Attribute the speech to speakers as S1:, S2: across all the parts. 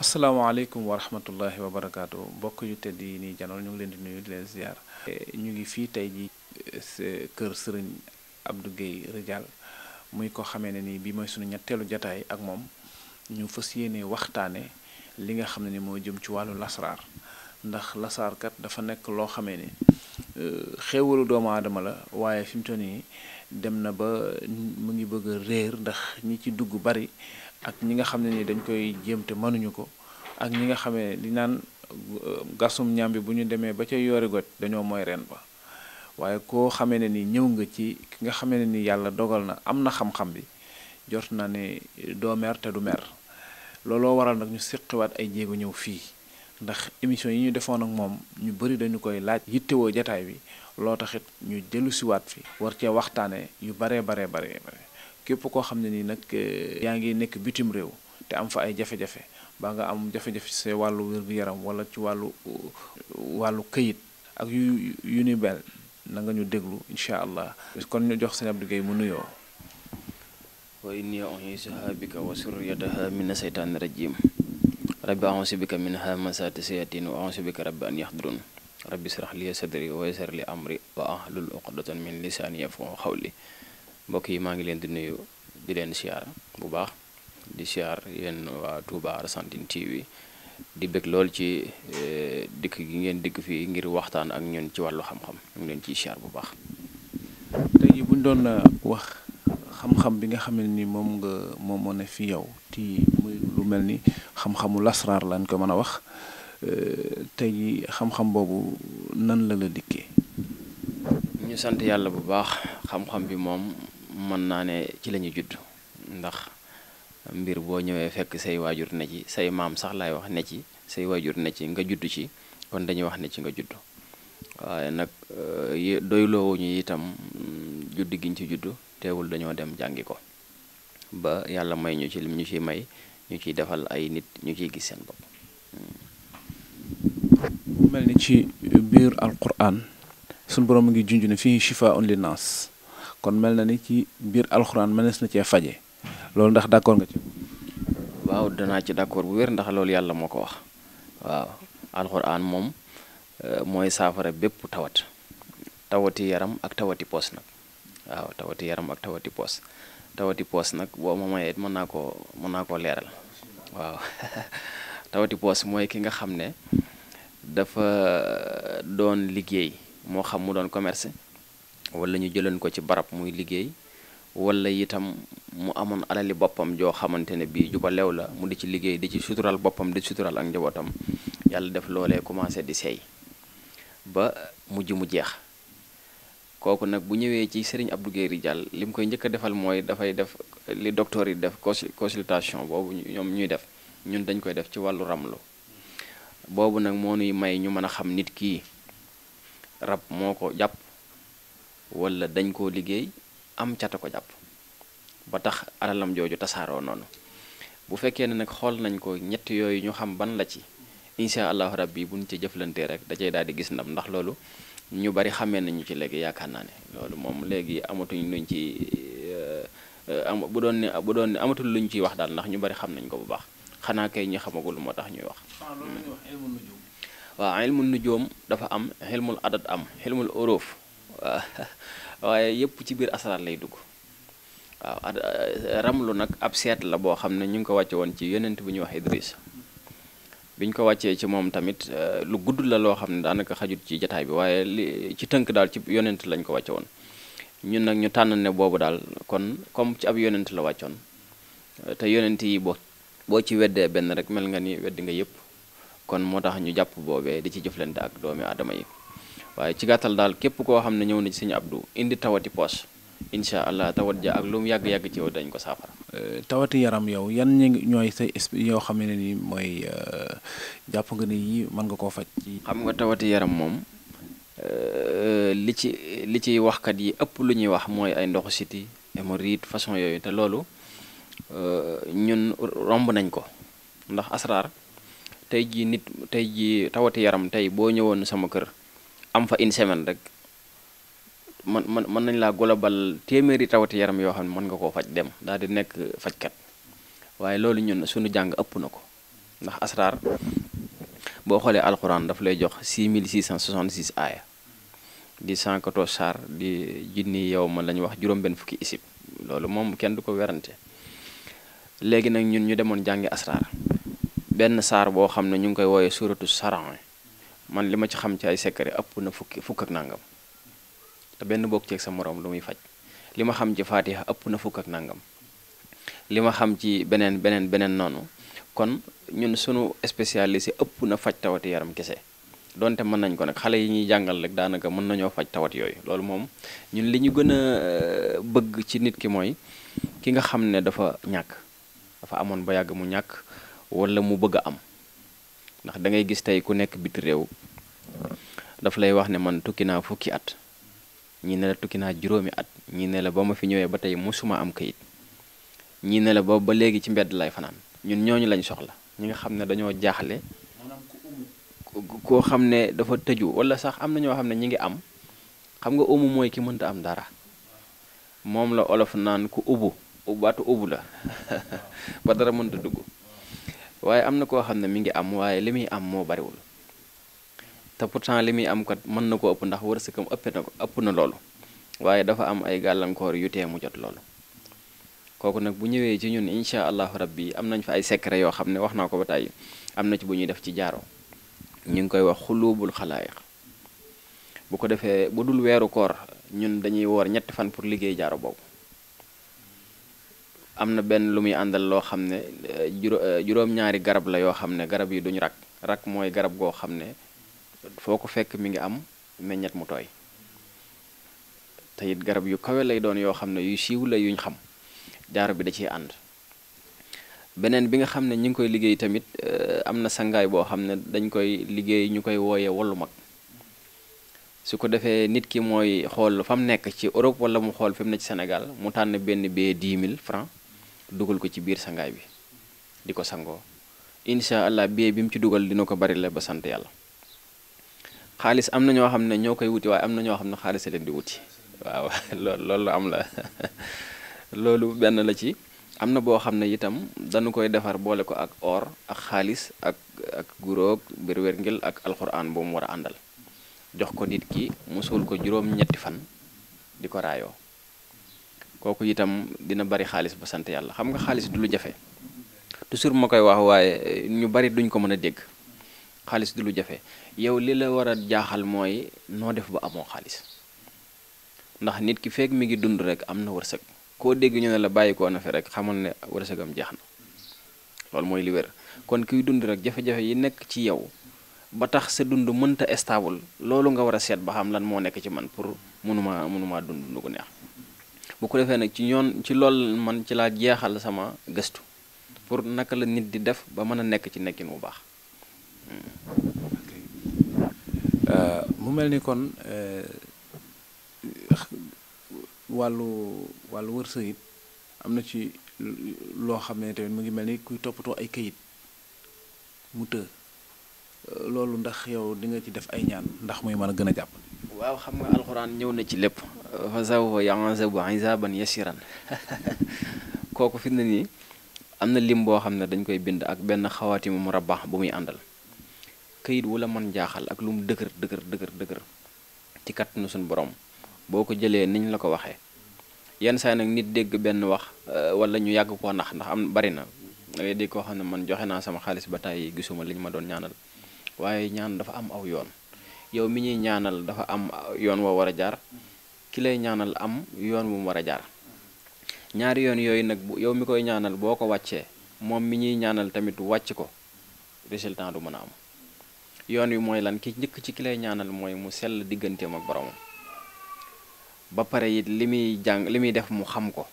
S1: asalaamaaleykum wa rahmatullahi wa barakaatu mbokk yu tedd yi nii janoon ñu ngi leen di nuyu di leen ziar ñu ngi fii tey ji kër sëriñ Abdou Guèye Ridial muy ko xamee ne nii bi mooy suñu ñetteelu jataay ak moom ñu fas yéene waxtaane li nga xam ne ni moo jëm ci wàllu lasraar ndax lasaarkat dafa nekk loo xamee ni euh, xéewalu doomu aadama la waaye fi mu toll nii dem na ba mu ngi bëgg a réer ndax ñi ci dugg bari ak ñi nga xam ne ni dañ koy jéem te mënuñu ko ak ñi nga xamee li naan euh, gasum ñambi bu ñu demee ba ca yoori goj dañoo mooy ren ba waaye koo xame ne ni ñëw nga ci ki nga xamee ne ni yàlla dogal na am na xam-xam bi jot na ne doo mer te du mer looloo waral nag ñu siqiwaat ay jéego ñëw fii ndax émission yi ñu defoon ak moom ñu bari dañu koy laaj yittewoo jataay bi loo taxit ñu dellusiwaat fi war cee waxtaane yu baree baree baree bare képp koo xam ne nii nag eh, yaa ngi nekk bitim réew te am fa ay jafe-jafe ba nga am jafe-jafe ci sa wàllu wér yaram wala ci wàllu eh, wàllu këyit ak yu yu ni bel nga ñu déglu incha allah kon ñu jox sëñ Abdou Guèye mu nuyoo wa inni u'iizuhaa bika wa surriyatahaa mina seytaani rajiim
S2: rabbi a'uuzu bika min hamazaati sayaatiin wa a'uuzu bika rabbi an yahduruun li sadri wa yassir li amri wa ahlul uqdatan min lisaani yafqahu mbokk yi maa ngi leen di nuyu di leen siyaar bu baax di siyaar yéen waa Touba Argentine TV di bëgg lool ci eh, dikk gi ngeen dikk fii ngir waxtaan ak
S1: ñun ci wàllu xam-xam ñu ngi leen bu baax. tey jii bu ñu eh, bi nga xam ni moom nga moom moo ne fi yow ti muy lu mel ni xam-xamu lasraar lañ ko mën a wax eh, tey jii xam-xam boobu nan la la dikkee.
S2: ñu sant yàlla bu baax xam-xam bi moom. mën naa ne ci la ñu judd ndax mbir boo ñëwee fekk say waajur ne ci say maam sax laay wax ne ci say waajur ne ci nga judd ci kon dañuy wax ne ci nga judd waaye nag euh, doyloowu ñu itam mm, judd giñ ci judd teewul dañoo dem jàngi ko ba yàlla may ñu ci lim ñu ciy may ñu ciy defal ay nit ñu
S1: ciy gis seen bopp. mel ni ci biir alquran sunu borom mu ngi junj ne fii shifaa un linnaas kon mel na ni ci biir alxuraan mënees na cee faje loolu ndax d'accord nga ci waaw danaa ci d'accord bu
S2: wér ndax loolu yàlla moo ko wax waaw alxuraan moom euh, mooy saafara bépp tawat tawati yaram ak tawati poos nag waaw tawati yaram ak tawati poos tawati poos nag boo ma mayee mën naa koo mën naa koo leeral waaw tawati poos mooy ki nga xam ne dafa doon liggéey moo xam mu doon commerce wala ñu jëloon ko ci barab muy liggéey wala itam mu amoon alali boppam joo xamante ne bii juba lew la mu di ci liggéey di ci sutural boppam di sutural ak njabootam yàlla def loolee commencé di seey ba mujj mu jeex kooku nag bu ñëwee ci Serigne Abdou Guèye Diall li mu koy njëkk a defal mooy dafay def li docteur yi def consultation boobu ñoom ñuy def ñun dañ koy def ci wàllu ramlu boobu nag moo nuy may ñu mën a xam nit kii rab moo ko jàpp wala dañ koo liggéey am cata ko jàpp ba tax alalam jooju tasaaroo noonu bu fekkee ne nag xool nañ ko ñett yooyu ñu xam ban la ci incha allahu rabbi bu ñu ci jëflantee rek da cay daal di gis ndam ndax loolu ñu bari xamee nañu ci léegi yaakaar naa ne loolu moom léegi amatuñ luñ ci euh, bu doon ne doon ne amatul luñ ciy wax daal ndax ñu bari xam nañ ko bu baax xanaa kay ñi xamagul moo tax ñuy wax. waaw ilmu nujoom dafa am xilmul adat am xilmul oroof waaye yëpp ci biir asaraar lay dugg waaw euh, ramlu nag ab seet la boo xam ne ñu ngi ko wàcce woon ci yonent bu ñuy wax Idris biñ ko wàccee ci moom tamit euh, lu gudd la loo xam ne daanaka xajut ci jataay bi waaye li ci tënk daal ci yonent lañ ko wàcce woon ñun nag ñu tànn ne boobu daal kon comme ci ab yonent la wàccoon te yonent yi boo boo ci weddee benn rek mel nga ni weddi nga yëpp kon moo tax ñu jàpp boobee di ci jëflante ak doomi aadama yi waaye ci gàttal daal képp koo xam ne ñëw na ci sëñ Abdou indi tawati poche incha allah tawat ja ak lu mu yàgg-yàgg ci yow dañ ko saafara.
S1: Euh, tawati yaram yow yan ñooy sa yoo xam ne ni mooy euh, jàpp nga ni yii mën nga koo faj. xam nga
S2: tawati yaram moom euh, li ci li ciy waxkat yi ëpp lu ñuy wax mooy ay ndoxu siti hémorroïde façon yooyu te loolu ñun romb nañ ko ndax asraar tey jii nit tey jii tawati yaram tey boo ñëwoon sama kër. am fa une semaine rek man man mën nañ laa bal téeméeri tawati yaram yoo xam ne mën nga koo faj dem daal di nekk fajkat waaye loolu ñun suñu jàng ëpp na ko ndax asraar boo xoolee alxuraan daf lay jox mille cent 6666 aaya di 114 saar di jinni yow ma la wax juróom-benn fukki isib loolu moom kenn du ko werante léegi nag ñun ñu demoon jàngi asraar benn saar boo xam ne ñu ngi koy wooyee suratu saran man li ma ci xam ci ay secret ëpp na fukki fukk ak nangam te benn bokk ceeg sa moroom lu muy faj li ma xam ci faatiha ëpp na fukk ak nangam li ma xam ci beneen beneen beneen noonu kon ñun sunu si ëpp na faj tawati yaram kese donte mën nañ ko nag xale yi ñuy jàngal rek daanaka mën nañoo faj tawat yooyu loolu moom ñun li ñu gën a euh, bëgg ci nit ki mooy ki nga xam ne dafa ñàkk dafa amoon ba yàgg mu ñàkk walla mu bëgg a am ndax dangay gis tey ku nekk biti réew daf lay wax ne man tukki naa fukki at ñii ne la tukki naa juróomi at ñii ne la ba ma fi ñëwee ba tey mosuma am kayit ñii ne la boobu ba léegi ci mbedd lay fanaan ñun ñooñu lañ soxla ñu nga xam ne dañoo jaaxle koo xam ne dafa tëju wala sax am na ñoo xam ne ñu ngi am xam nga umu mooy ki mënta am dara moom la olof naan ku ubu ubaatu ubu la ba dara mënta dugg waaye am na koo xam ne mi ngi am waaye li muy am moo bariwul te pourtant li muy am kat mën na ko ëpp ndax wërsëgam ëpp na ko ëpp na loolu waaye dafa am ay gàllankoor yu tee mu jot loolu kooku nag bu ñëwee ci ñun incha allahu rabbi am nañ fa ay secret yoo xam ne wax naa ko ba tàyyi am na ci bu ñuy def ci jaaro ñu ngi koy wax xuluubul xalaayiq bu ko defee bu dul weeru koor ñun dañuy woor ñetti fan pour liggéey jaaro boobu am na benn lu muy àndal loo xam ne euh, euh, juróom-ñaari garab la yoo xam ne garab yi duñu rak rak mooy garab goo xam ne foo ko fekk mi ngi am meññet mu tooy te it garab yu kawe lay doon yoo xam ne yu siiw la yuñ xam jaaro bi da ciy ànd beneen bi nga xam ne ñu ngi koy liggéey tamit euh, am na sangaay boo xam ne dañ koy liggéey ñu koy wooyee wallu mag su ko defee nit ki mooy xool fa nekk ci Europe wala mu xool fi na ci Sénégal mu tànn benn billet 10 mille francs dugal ko ci biir sangaay bi di ko sangoo incha allah bi bi mu ci dugal dina ko bari la ba sant yàlla xaalis am na ñoo xam ne ñoo koy wuti waaye am na ñoo xam ne xaalis leen di wuti waaw loolu loolu loolu benn la ci am na boo xam ne itam danu koy defar boole ko ak or ak xaalis ak ak guróog bir ak alxuraan bu mu war a àndal jox ko nit ki mu ko juróom ñetti fan di ko raayoo kooku itam dina bari xaalis ba sant yàlla xam nga xaalis du lu jafe toujours ma koy wax waaye ñu bari duñ ko mën a dégg xaalis du lu jafe yow li la war a jaaxal mooy noo def ba amoon xaalis ndax nit ki feek mi ngi dund rek am na wërsëg koo dégg ñu ne la bàyyi ko na fi rek xamal ne wërsëgam jeex na loolu mooy li wér kon kiy dund rek jafe-jafe yi nekk ci yow ba tax sa dund mënta stable loolu nga war a seet ba xam lan moo nekk ci man pour mënumaa mënumaa dund lu ko neex bu ko defee nag ci ñoon ci lool man ci laa jeexal sama gëstu pour naka la nit di def ba mën a nekk ci
S1: nekkin bu baax euh, mu mel ni kon euh, wàllu wàllu wërsëg it am na ci loo xam ne tamit mu ngi mel ni kuy toppatoo ay kayit mu të euh, loolu ndax yow di nga ci def ay ñaan ndax muy mën a gën a jàpp
S2: waaw xam nga alxuraan ñëw na ci lépp fa sawfa yu'azzabu 'azaban yasiran kooku fi na nii am na lim boo xam ne dañ koy bind ak benn xawaatimu murabba bu muy àndal këyit wu la mën jaaxal ak lu mu dëgër dëgër dëgër dëgër ci kattanu suñu borom boo ko jëlee niñ la ko waxee yenn saa nag nit dégg benn wax euh, wala ñu yàgg koo nax ndax am bari na da ngay dégg koo xam ne man joxe naa sama xaalis ba tàyyi gisuma li ma doon ñaanal waaye ñaan dafa am aw yoon yow mi ñuy ñaanal dafa am yoon woo war a jaar ki ñaanal am yoon wu mu war a jaar ñaari yoon yooyu nag yow mi koy ñaanal boo ko wàccee moom mi ñuy ñaanal tamit wàcc ko résultat du mën a am yoon wi mooy lan ki njëkk ci ki ñaanal mooy mu sell digganteem ak boromam ba pare it li muy jàng li muy def mu xam ko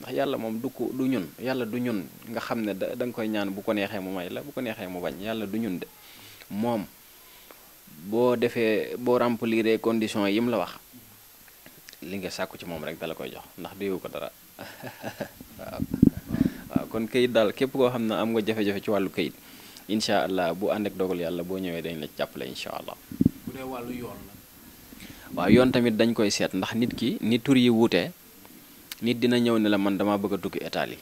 S2: ndax yàlla moom du ko du ñun yàlla du ñun nga xam ne da nga koy ñaan bu ko neexee mu may la bu ko neexee mu bañ yàlla du ñun de moom boo defee boo remplir conditions yi mu la wax li nga sàkku ci moom rek dala koy jox ndax duyu ko dara waaw kon kayit daal képp koo xam ne am nga jafe-jafe ci wàllu kayit incha allah bu ànd ak dogal yàlla boo ñëwee dañ la jàppale incha allah.
S1: yoon
S2: waaw yoon tamit dañ koy seet ndax nit ki ni tur yi wuute nit dina ñëw ne la man dama bëgg a tukki Italie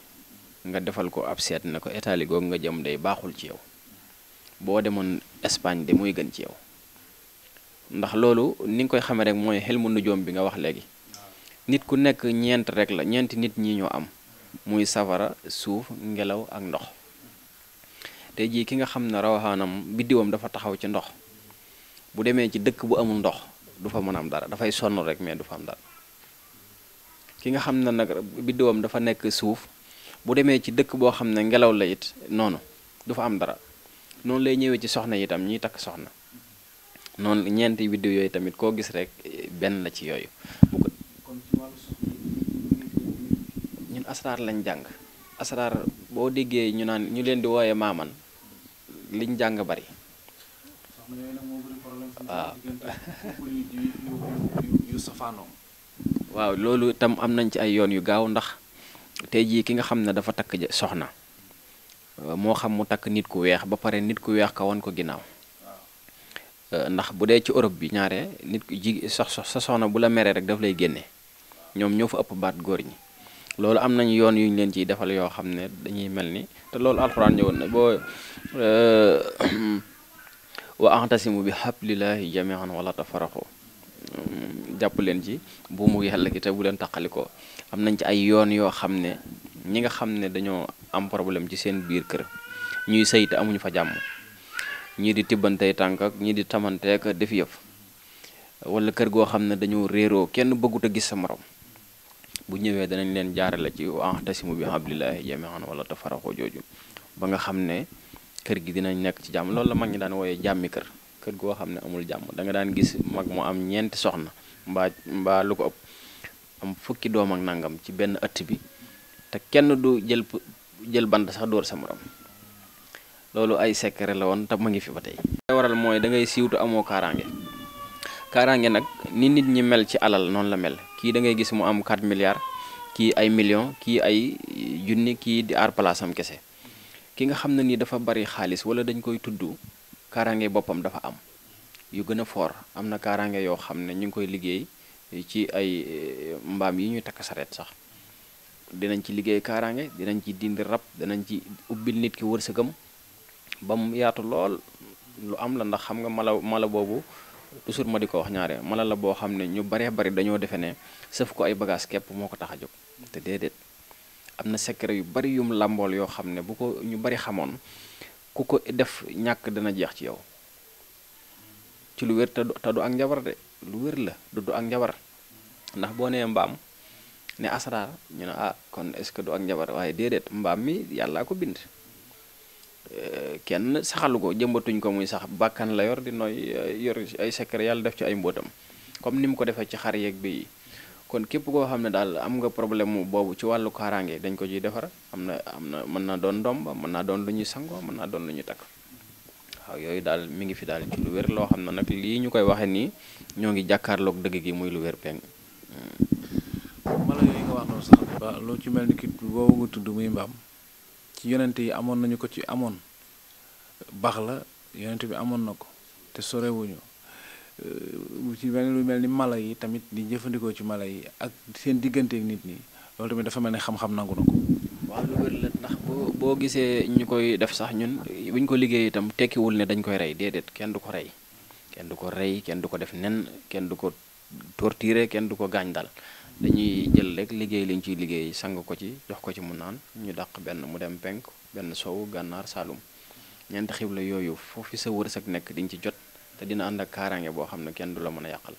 S2: nga defal ko ab seet ne ko Italie googu nga jëm day baaxul ci yow boo demoon Espagne di muy gën ci yow. ndax loolu ni nga koy xamee rek mooy xel mu nujoom bi nga wax léegi nit ku nekk ñeent rek la ñeenti nit ñi ñoo am muy safara suuf ngelaw ak ndox tey jii ki nga xam ne rawaxaanam biddiwam dafa taxaw ci ndox bu demee ci dëkk bu amul ndox du fa mën am dara dafay sonn rek mais du fa am dara ki nga xam ne nag dafa nekk suuf bu demee ci dëkk boo xam ne ngelaw la it noonu du fa am dara noonu lay ñëwee ci soxna itam ñiy takk soxna noonu ñeenti vidéo yooyu tamit koo gis rek benn la ci yooyu
S1: bu ko
S2: ñun asraar lañ jàng asraar boo déggee ñu naan ñu leen di wooyee maaman liñ jàng bari waaw waaw loolu itam am nañ ci ay yoon yu gaaw ndax te jii ki nga xam ne dafa takk soxna moo xam mu takk nit ku weex ba pare nit ku weex ka wan ko ginnaaw Euh, ndax bu dee ci Europe bi ñaare nit ji sax sa soxna bu la meree rek daf lay génne ñoom ñoo fa ëpp baat góor ñi loolu am nañu yoon yuñ ñu leen ciy defal yoo xam ne dañuy mel ni te loolu alxuraan ñëwoon na boo euh, wa axtasimu bi xablillahi jamian wala tafaraxu jàpp leen ci bu mu yàlla gi te bu leen taqalikoo am nañ ci ay yoon yoo xam ne ñi nga xam ne dañoo am problème ci seen biir kër ñuy sëy te amuñu fa jàmm ñii di tibbantey tànk ak ñii di tamanteek def yëf walla kër goo xam ne dañoo réeroo kenn bëggut a gis sa morom bu ñëwee danañ leen jaarale ci si wa'tasimu bi hablillahi jami'an wala tafarraqu jooju ba nga xam ne kër gi dinañ nekk ci jàmm loolu la mag ñi daan wooyee jàmmi kër kër goo xam ne amul jàmm danga daan gis mag mu am ñeenti soxna mbaa mbaa lu ko ëpp am fukki doom nangam ci benn ëtt bi te kenn du jël jël bant sax dóor sa morom loolu ay secret la woon te mu ngi fi ba tey. li waral mooy da ngay siiwtu amoo kaaraange kaaraange nag ni nit ñi mel ci alal noonu la mel kii da ngay gis mu am 4 milliards kii ay million kii ay junni kii di aar place kese ki nga xam ne ni dafa bari xaalis wala dañ koy tudd kaaraange boppam dafa am yu gën a foor am na kaaraange yoo xam ne ñu ngi koy liggéey ci ay eh, mbaam yi ñuy takk sareet sax. dinañ ci liggéey kaaraange dinañ ci dindi rab dinañ ci ubbil nit ki wërsëgam ba mu yaatu lool lu am la ndax xam nga mala mala boobu toujours ma di ko wax ñaare mala la boo xam ne ñu baree bari dañoo defe ne sëf ko ay bagage képp moo ko tax a jóg te déedéet am na secret yu bari yum làmbool yoo xam ne bu ko ñu bari xamoon ku ko def ñàkk dana jeex ci yow ci lu wér te du ak njabar de lu wér la du du ak njabar ndax boo nee mbaam ne asraar ñu ne ah kon est-ce que du ak njabar waaye déedéet mbaam mi yàllaa ko bind kenn saxalu ko jëmbatuñ ko muy sax bàkkan la yor di nooy eh, yor ay secret yàlla def ci ay mbóotam comme ni mu ko defee ci xar yeeg bi kon képp koo xam ne daal am nga problème mu boobu ci wàllu kaaraange dañ ko ciy defar am na am na mën naa doon ndomba mën naa doon lu ñuy sangoo mën naa doon lu ñuy takk waaw yooyu daal mi ngi fi daal ci lu wér loo xam ne nag lii ñu koy waxee nii ñoo ngi jàkkaarloog dëgg gi muy lu wér peng.
S1: mala yooyu nga wax noonu sax ba ci mel ni ki ci yonent yi amoon nañu ko ci amoon baax la yonent bi amoon na ko te sorewuñu ci mel lu mel ni mala yi tamit di jëfandikoo ci mala yi ak seen diggante nit ñi loolu tamit dafa mel ni xam-xam nangu na ko. waaw lu wér la ndax
S2: boo boo gisee ñu koy def sax ñun buñ ko liggéey itam tekkiwul ne dañ koy rey déedéet kenn du ko rey kenn du ko rey kenn du ko def nen kenn du ko torturer kenn du ko gaañ daal dañuy jël rek liggéey liñ ciy liggéey sang ko ci jox ko ci mu naan ñu daq benn mu dem penk benn sow gànnaar saalum ñeenti la yooyu foofu sa wërsëg nekk di nga ci jot te dina ànd ak kaaraange boo xam ne kenn du la mën a yàqal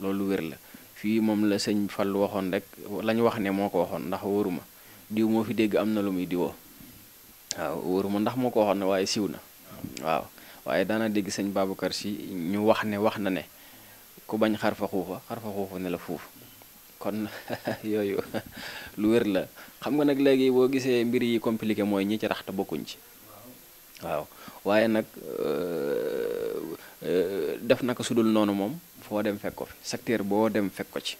S2: loolu wér la fii moom la sëñ lu waxoon rek lañ wax ne moo ko waxoon ndax wóoruma diw moo fi dégg am na lu muy diwoo waaw wóoruma ndax moo ko waxoon ne waaye siw na waaw waaye daana dégg sëñ Babacar si ñu wax ne wax na ne ku bañ xarfa xuufa xarfa xuufa la fuuf kon yooyu lu wér la xam nga nag léegi boo gisee mbir yi compliqué mooy ñi ci rax te bokkuñ ci waaw waaye nag euh, euh, def naka dul noonu moom foo dem fekk ko fi secteur boo dem fekk ko ci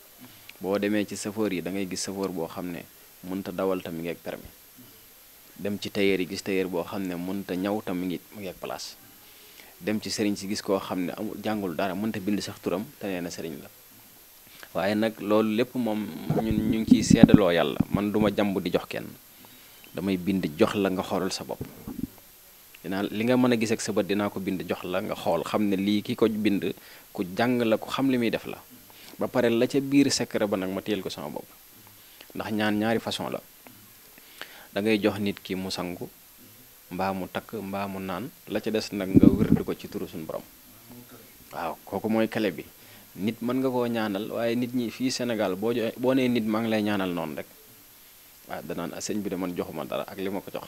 S2: boo demee ci chauffeur yi da ngay gis chauffeur boo xam ne mënta dawal tamit mi ngi ak permis dem ci tailleur yi gis tailleur boo xam ne mënta ñaw tam mi ngi mu ak place dem ci sëriñ si gis koo xam ne amul jàngul dara mënta bind sax turam te nee na sëriñ la waaye nag loolu lépp moom ñun ñu ngi ciy seddaloo yàlla man duma jàmb di jox kenn damay bind jox la nga xoolal sa bopp dinaa li nga mën a gis ak sa bët dinaa ko bind jox la nga xool xam ne lii ki ko bind ku jàng la ku xam li muy def la ba pare la ca biir secret ba nag ma téyel ko sama bopp ndax ñaan ñaari façon la da ngay jox nit ki mu sangu mbaa mu takk mbaa mu naan la ca des nag nga wérdu ko ci turu suñ borom waaw kooku mooy kale bi nit mën nga koo ñaanal waaye nit ñi fii senegal boo joxe boo nee nit maa ngi lay ñaanal noonu rek waaw danaan ah, sëñ bi de man joxuma dara ak li ma ko jox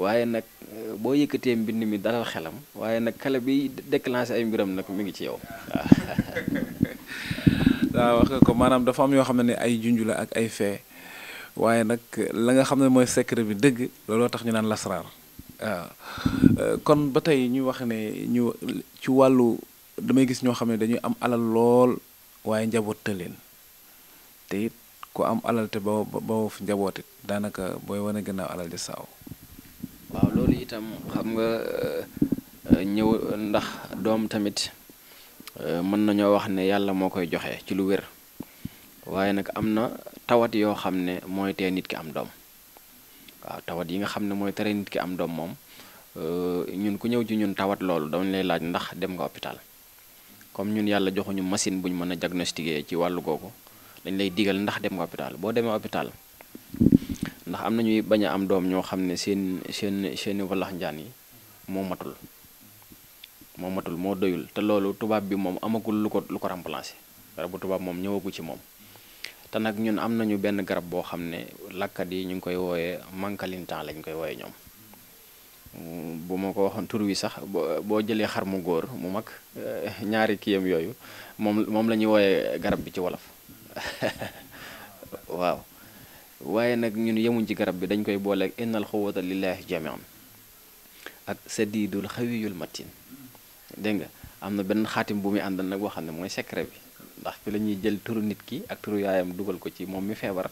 S2: waaye nag euh, boo yëkkatee mbind mi dalal waaye nag xale bi déclenché ay mbiram nag mi ngi ci yow
S1: waaw. wax nga ko maanaam dafa am yoo xam ne ay junju la ak ay fee waaye nag la nga xam ne mooy secret bi dëgg looloo tax ñu naan lasraar waaw euh, kon ba tey ñu wax ne ñu ci wàllu. damay gis ñoo xam ne dañuy am alal lool waaye njaboot te leen te it ku am alal te ba ba fi njaboot it daanaka booy wane a alal di saaw.
S2: waaw loolu itam xam nga euh, ñëw ndax doom tamit euh, mën nañoo wax ne yàlla moo koy joxe ci lu wér waaye nag am na tawat yoo xam ne mooy tee nit ki am doom waaw tawat yi nga xam ne mooy tere nit ki am doom moom euh, ñun ku ñëw ci ñun tawat loolu dañ lay laaj ndax dem nga hôpital. comme ñun yàlla joxuñu machine bu ñu mën a diagnostiquer ci wàllu googu dañ lay digal ndax dem nga hôpital boo demee hôpital ndax am na ñuy bañ a am doom ñoo xam ne seen seen seeni walax njaan yi moo matul moo moo doyul te loolu tubaab bi moom amagul lu ko lu ko remplacer garabu tubaab moom ñëwagu ci moom. te nag ñun am nañu benn garab boo xam ne lakkat yi ñu ngi koy wooyee mankalintaan lañu koy wooyee ñoom. bu ma ko waxoon tur wi sax boo jëlee xar mu góor mu mag eh, ñaari kiyam yooyu moom moom la ñuy wooyee garab bi ci wolof waaw waaye nag ñun yemuñ ci garab bi dañ koy booleeg innal xuwata lillahi jamian ak sadidul xawiyul matin dégg nga am na benn xaatim bu muy àndal nag boo xam ne mooy secret bi ndax fi la ñuy jël turu nit ki ak turu yaayam dugal ko ci moom mi feebar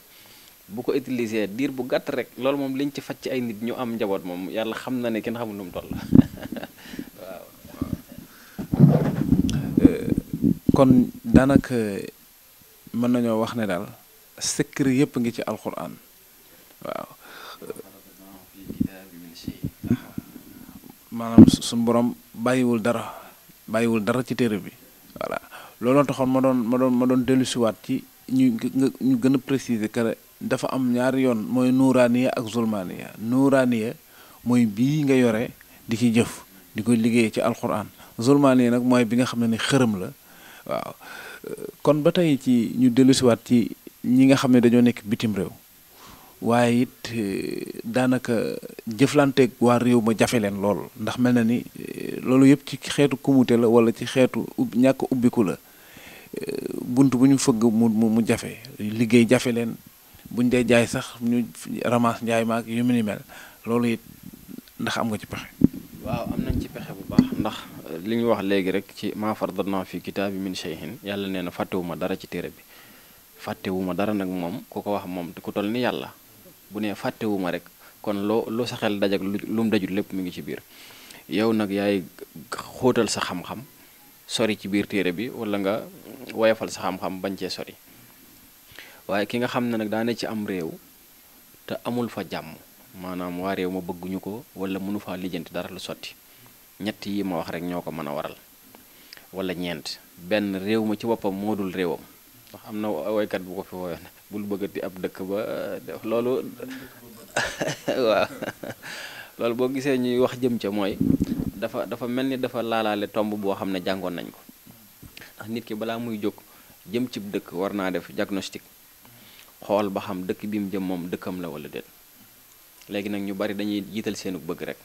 S2: bu ko utiliser diir bu gàtt rek loolu moom liñ ci faj ci ay nit ñu am njaboot moom yàlla xam na ne kenn xamul nu
S1: toll euh, kon daanaka mën nañoo wax ne daal secret yëpp ngi ci alxuraan waaw. maanaam suñu borom bàyyiwul dara bàyyiwul dara ci téere bi voilà looloo taxoon ma doon ma doon ma doon dellusiwaat ci ñu ñu gën a préciser dafa am ñaari yoon mooy nuuraaniya ak zulmaaniya nuuraaniya mooy bii nga yore di ci jëf di koy liggéey ci alquran zulmaaniya nag mooy bi nga xam ne ni xërëm la waaw kon ba tey ci ñu dellusiwaat ci ñi nga xam ne dañoo nekk bitim réew waaye it eh, daanaka jëflanteeg waa réew ma jafe leen lool ndax mel na ni eh, loolu yëpp ci xeetu kumute la wala ci xeetu ñàkk ubbiku la eh, bunt bu ñu fëgg mu mu jafe liggéey jafe leen buñ dee jaay sax ñu ramas njaay maak yu mu loolu it ndax am nga ci pexe.
S2: waaw am nañ ci pexe bu baax
S1: ndax euh, li ñu wax léegi rek ci maa fii fi kitaabi min
S2: shay'in yàlla nee na fàttewuma dara ci téere bi fàttewuma dara nag moom ku ko wax moom ku toll ni yàlla bu nee fàttewuma rek kon loo loo sa xel dajak lu mu dajul lépp mu ngi ci biir yow nag yaay xóotal sa xam-xam sori ci biir téere bi wala nga woyafal sa xam-xam bañ cee sori waaye ki nga xam ne nag daane ci am réew te amul fa jàmm maanaam waa réew ma bëgguñu ko wala mënu faa lijjanti dara lu sotti ñett yi ma wax rek ñoo ko mën a waral wala ñeent benn réew ma ci boppam moo dul réewam ndax am na woykat bu ko fi woyoon bul bëggati ab dëkk ba loolu waaw loolu boo gisee ñuy wax jëm ca mooy dafa dafa mel ni dafa laalaale tomb boo xam ne jàngoon nañ ko ndax nit ki balaa muy jóg jëm cib dëkk war naa def diagnostic xool ba xam dëkk bi mu jëm moom dëkkam la wala déet léegi nag ñu bari dañuy jiital seenu bëgg rek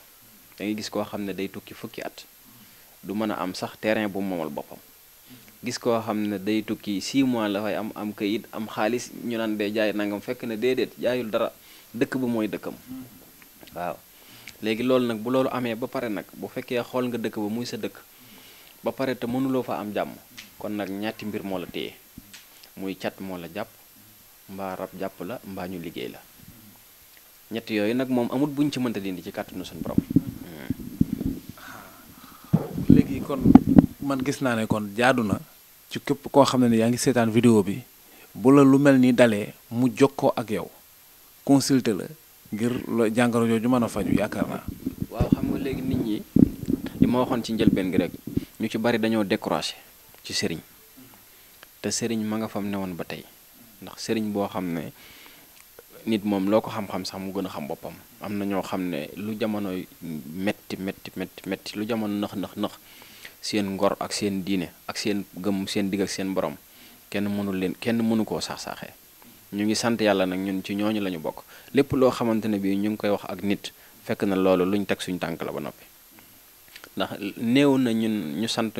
S2: dangay gis koo xam ne day tukki fukki at du mën a am sax terrain bu moomal boppam gis koo xam ne day tukki 6 mois la fay am am kayit am xaalis ñu naan day jaay mu fekk ne déedéet jaayul dara dëkk ba mooy dëkkam waaw léegi loolu nag bu loolu amee ba pare nag bu fekkee xool nga dëkk ba muy sa dëkk ba pare te mënuloo fa am jàmm kon nag ñàtti mbir moo la muy cat moo la jàpp mbaa rab jàpp la mbaa ñu liggéey la ñett yooyu nag moom amut buñ ci mënta dindi ci kàttanu seen borom. Hmm.
S1: léegi kon man gis naa ne kon jaadu na ci képp koo xam ne yaa ngi seetaan vidéo bi bu la lu mel ni dalee mu ko ak yow consulter la ngir la jàngoro jooju mën a faju yaakaar naa.
S2: waaw xam nga léegi nit ñi li ma waxoon ci njëlbeen gi rek ñu ci bari dañoo décroché ci sëriñ te sëriñ ma nga fam ne woon ba tey. ndax sëriñ boo xam ne nit moom loo ko xam-xam sax mu gën a xam boppam am na ñoo xam ne lu jamono metti metti metti metti lu jamono nëx nëx nëx seen ngor ak seen diine ak seen gëm seen digg ak seen borom kenn mënul leen kenn mënu koo saax-saaxee ñu ngi sant yàlla nag ñun ci ñooñu la ñu bokk lépp loo xamante ne bii ñu ngi koy wax ak nit fekk na loolu luñ teg suñ tànk la ba noppi ndax néew na ñun ñu sant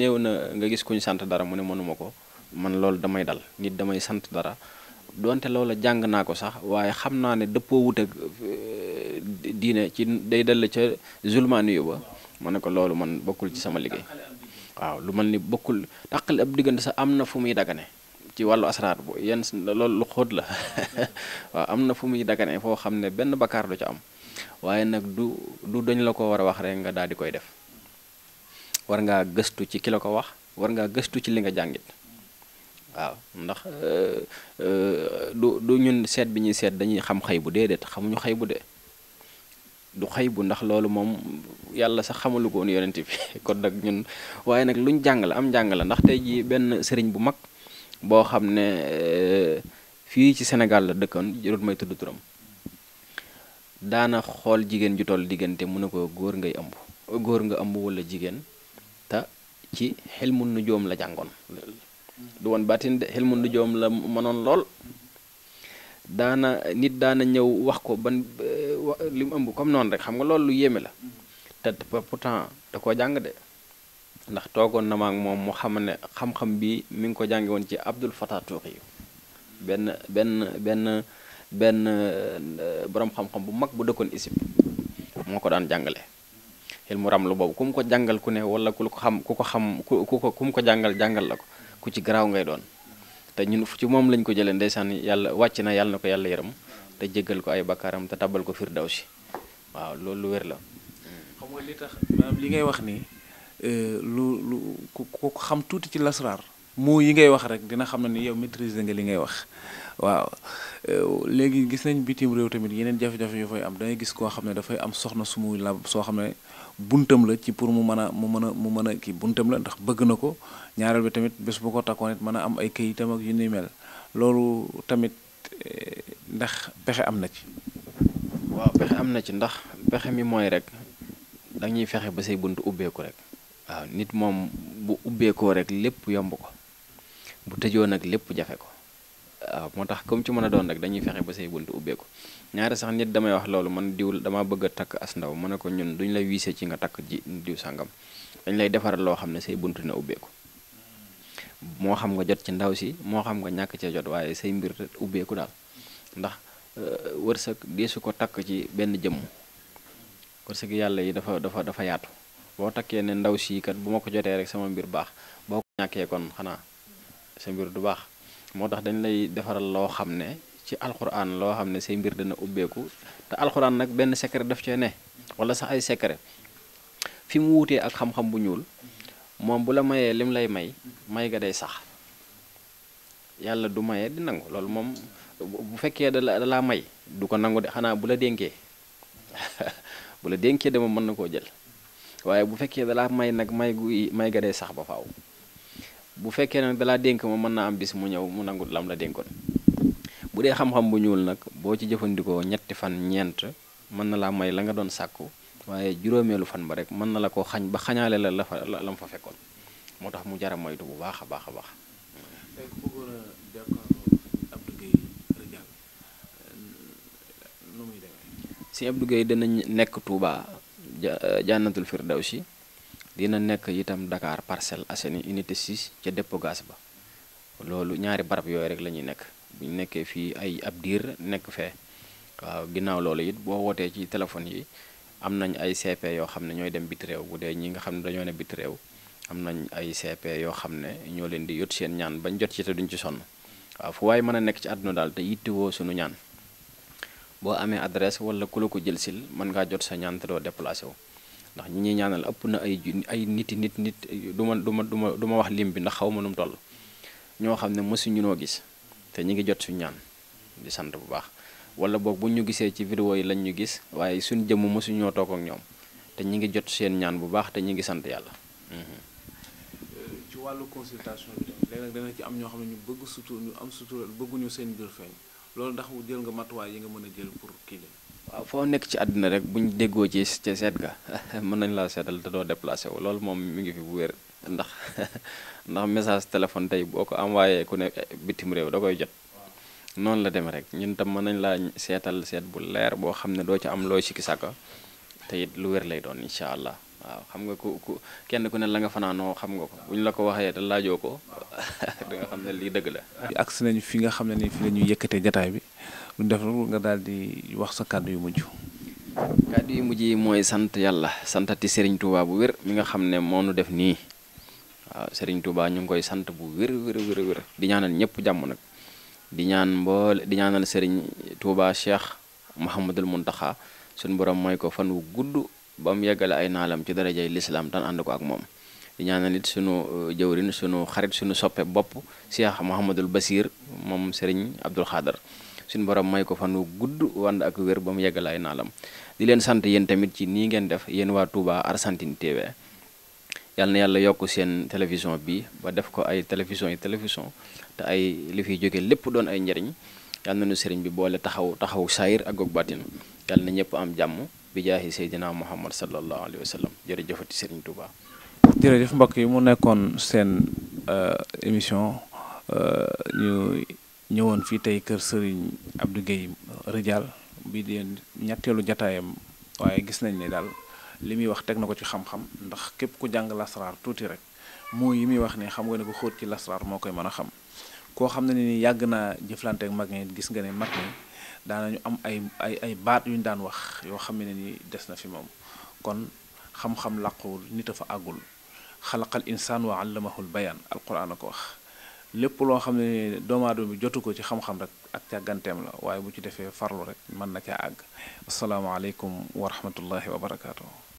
S2: néew na nga gis kuñ sant dara mu ne mënuma ko man loolu damay dal nit damay sant dara donte loola jàng naa ko sax waaye xam naa ne dëppoo wut eh, diine ci day dal ca zulmaani yu ba ma ne ko loolu man bokkul ci sama liggéey waaw lu mel ni bokkul taqali ab diggante sax am na fu muy dagane ci wàllu asraar bu yenn loolu lu xóot la waaw am na fu muy dagane foo xam ne benn bakkaar du ca am waaye nag du du dañ la ko war a wax rek nga daal di koy def war ngaa gëstu ci ki la ko wax war ngaa gëstu ci li nga jàngit waaw ndax euh, euh, du du ñun seet bi ñuy seet dañuy xam xëy bu déedéet xamuñu xay bu de du xëy bu ndax loolu moom yàlla sax xamalu ko woon yonent bi kon nag ñun waaye nag luñ jàng la am jàng la ndax tey jii benn sëriñ bu mag boo xam ne euh, fii ci Sénégal la dëkkoon jërut may tudd turam daana xool jigéen ju toll diggante mu ne ko góor ngay ëmb góor nga ëmb walla jigéen ta ci xel mun nu joom la jàngoon du woon baatin de xilmu nujoom la manoon lool daana nit daana ñëw wax ko ban eh, li mu ëmb comme noonu rek xam nga loolu lu yéeme la te pourtant da koo jàng de ndax toogoon na ma moom mu xam ne xam-xam bi mi ngi ko jànge woon ci Abdul Fatah Tuuxi yu benn benn benn benn eh, borom xam-xam bu mag bu dëkkoon Isip moo ko daan jàngale xel mu ram lu boobu ku ko jàngal ku ne wala ku ko xam ku ko xam ku ko ku ko jàngal jàngal la ko ku ci garaaw ngay doon te ñun fu ci moom lañ ko jëlee ndeysaan yàlla wàcc na yàlla na ko yàlla yaram te jéggal ko ay bakkaaram te tabbal ko si waaw loolu lu wér la.
S1: xam nga li tax li ngay wax nii euh, lu lu xam tuuti ci lasraar mu yi ngay wax rek dina xam ne ni yow maîtriser nga li ngay wax waaw euh, léegi gis nañ bitim réew tamit yeneen jafe-jafe yu fay am da gis koo xam ne dafay am soxna su muy lab soo xam ne. buntam la ci pour mu mën a mu mën a mu mën a kii buntam la ndax bëgg na ko ñaareel bi tamit bés bu ko takkoon it mën a am ay këyitam ak yu nuy mel loolu tamit eh, ndax pexe am na ci. waaw pexe am na ci ndax pexe mi mooy rek
S2: dañuy fexe ba say bunt ubbeeku rek waaw nit moom bu ubbeekoo rek lépp yomb ko bu tëjoo nag lépp jafe ko waaw moo tax comme ci mën a doon rek dañuy fexe ba say bunt ubbeeku. ñaare sax nit damay wax loolu man diw dama bëgg a takk as ndaw ma ne ko ñun duñ la wiise ci nga takk ji diw sàngam dañ lay defaral loo xam ne say bunt ne ubbeeku moo xam nga jot ci ndaw si moo xam nga ñàkk cee jot waaye say mbir ubbeeku daal ndax euh, wërsëg deesu ko takk ci benn jëmm wërsëg yàlla yi dafa dafa dafa yaatu boo takkee ne ndaw siikat bu ma ko jotee rek sama mbir baax boo ko ñàkkee kon xanaa sa mbir du baax moo tax dañ lay defaral loo xam ne ci alxuraan loo xam ne say mbir dana ubbeeku te alxuraan nag benn secret daf ci ne wala sax ay secret fi mu wuutee ak xam-xam bu ñuul moom bu la mayee lim lay may may ga day sax yàlla du mayee di nangu loolu moom bu fekkee da laa may du ko nangu de xanaa bu la dénkee bu la dénkee dama mën na koo jël waaye bu fekkee da laa may nag may gu may sax ba faaw bu fekkee nag da dénk ma mën naa am bis mu ñëw mu nangu lam la dénkoon. bu dee xam-xam bu ñuul nag boo ci jëfandikoo ñetti fan ñeent mën na laa may la nga doon sàkku waaye juróomeelu fan ba rek mën na la koo xañ ba xañaale la la fa la mu fa fekkoon moo tax mu jara moytu bu baax a baax a baax. Sëñ Abdou Gueye dina nekk Touba jànnatul euh, firdawsi dina nekk itam Dakar Parcelles Assainies unité 6 ca dépôt gaz ba loolu ñaari barab yooyu rek la ñuy nekk. bu ñu nekkee fii ay ab diir nekk fee waaw ginnaaw loolu it boo wootee ci téléphone yi am nañ ay CP yoo xam ne ñooy dem biti réew bu dee ñi nga xam ne dañoo ne biti réew am nañ ay CP yoo xam ne ñoo leen di yot seen ñaan bañ jot ci te duñ ci sonn waaw fu waaye mën a nekk ci àdduna daal te yittewoo suñu ñaan boo amee adresse wala ku la ko jël sil mën ngaa jot sa ñaan te doo déplacé ndax ñi ñuy ñaanal ëpp na ay ay niti nit nit du ma du ma du ma du ma wax lim bi ndax xaw ma nu mu toll ñoo xam ne mësuñu noo gis te ñu ngi jot suñu ñaan di sant bu baax wala boog bu ñu gisee ci vidéo yi lañ ñu gis waaye suñ jëmm mosuñoo toog ak ñoom te ñu ngi jot seen ñaan bu baax te ñu ngi sant yàlla.
S1: ci wàllu consultation bi léeg-léeg ci am ñoo xam ne ñu bëgg sutur ñu am sutur bëgguñu seen biir feeñ loolu ndax jël nga matuwaay yi nga mën a jël pour kii leen.
S2: waaw foo nekk ci àddina rek buñ déggoo ci ca seet ga mën nañ laa seetal te doo déplacé wu loolu moom mu ngi fi bu wér. ndax ndax message téléphone tey boo ko envoyé ku ne bitim réew da koy jot noonu la demee rek ñun tam mën nañ laa seetal seet bu leer boo xam ne doo ci am looy sikki sàkka te it lay doon incha allah xam nga ku ku kenn ku ne la nga fanaanoo xam nga ko bu la ko waxee te laajoo ko di lii dëgg la.
S1: agsi nañu fi nga xam ne ni fi la ñuy yëkkatee jataay bi lu def nga daal di wax sa kàddu yu mujj. kàddu yu mujj yi mooy sant yàlla santati
S2: Serigne Touba bu wér mi nga xam ne moo nu def nii. Ah, seriñ Touba ñu ngi koy sant bu wér wér wér wér di ñaanal ñëpp jàmm nag di ñaan mboole di ñaanal Serigne Touba Cheikh Mouhamadul Mountakha suñu borom mooy ko fan wu gudd ba mu yeggale ay naalam ci darajay lislaam tan ànd ak moom di ñaanal it sunu uh, jëwrin sunu xarit sunu soppe bopp Cheikh Mouhamadul Basir moom Serigne Abdul Xaadar suñu borom may ko fan wu gudd wànd ak wér ba mu yeggale ay naalam di leen sant yéen tamit ci nii ngeen def yéen waa Touba Argentine TV yàlla yàlla yokk seen télévision bi ba def ko ay télévision yi télévision te ay li fiy jóge lépp doon ay njariñ yàlla nañu seriñ bi boole taxaw taxaw saayir ak goog baatin yàlla na ñëpp am jàmm bi jaahi seydina muhammad sallallahu alayhi wa sallam jërëjëfati sëriñ Touba.
S1: jërëjëf mbokk yi mu nekkoon seen euh, émission euh, ñu ñëwoon fii tey kër sëriñ Abdou Guèye Ridial bii di ñetteelu jataayam waaye gis nañ ne daal li muy wax teg na ko ci xam-xam ndax képp ku jàng lasraar tuuti rek moo yi muy wax ne xam nga ne ko xóot ci lasraar moo koy mën a xam koo xam ne ni yàgg naa jëflanteek mag ñi gis nga ne mag ñi daanañu am ay ay ay baat yu ñu daan wax yoo xam ne ni des na fi moom kon xam-xam làquwul nit a fa àggul xalaqal insaan wa allamahul bayaan alquran a ko wax lépp loo xam ne doomu aadama bi jotu ko ci xam-xam rek ak càgganteem la waaye bu ci defee farlu rek mën na caa àgg asalaamaaleykum wa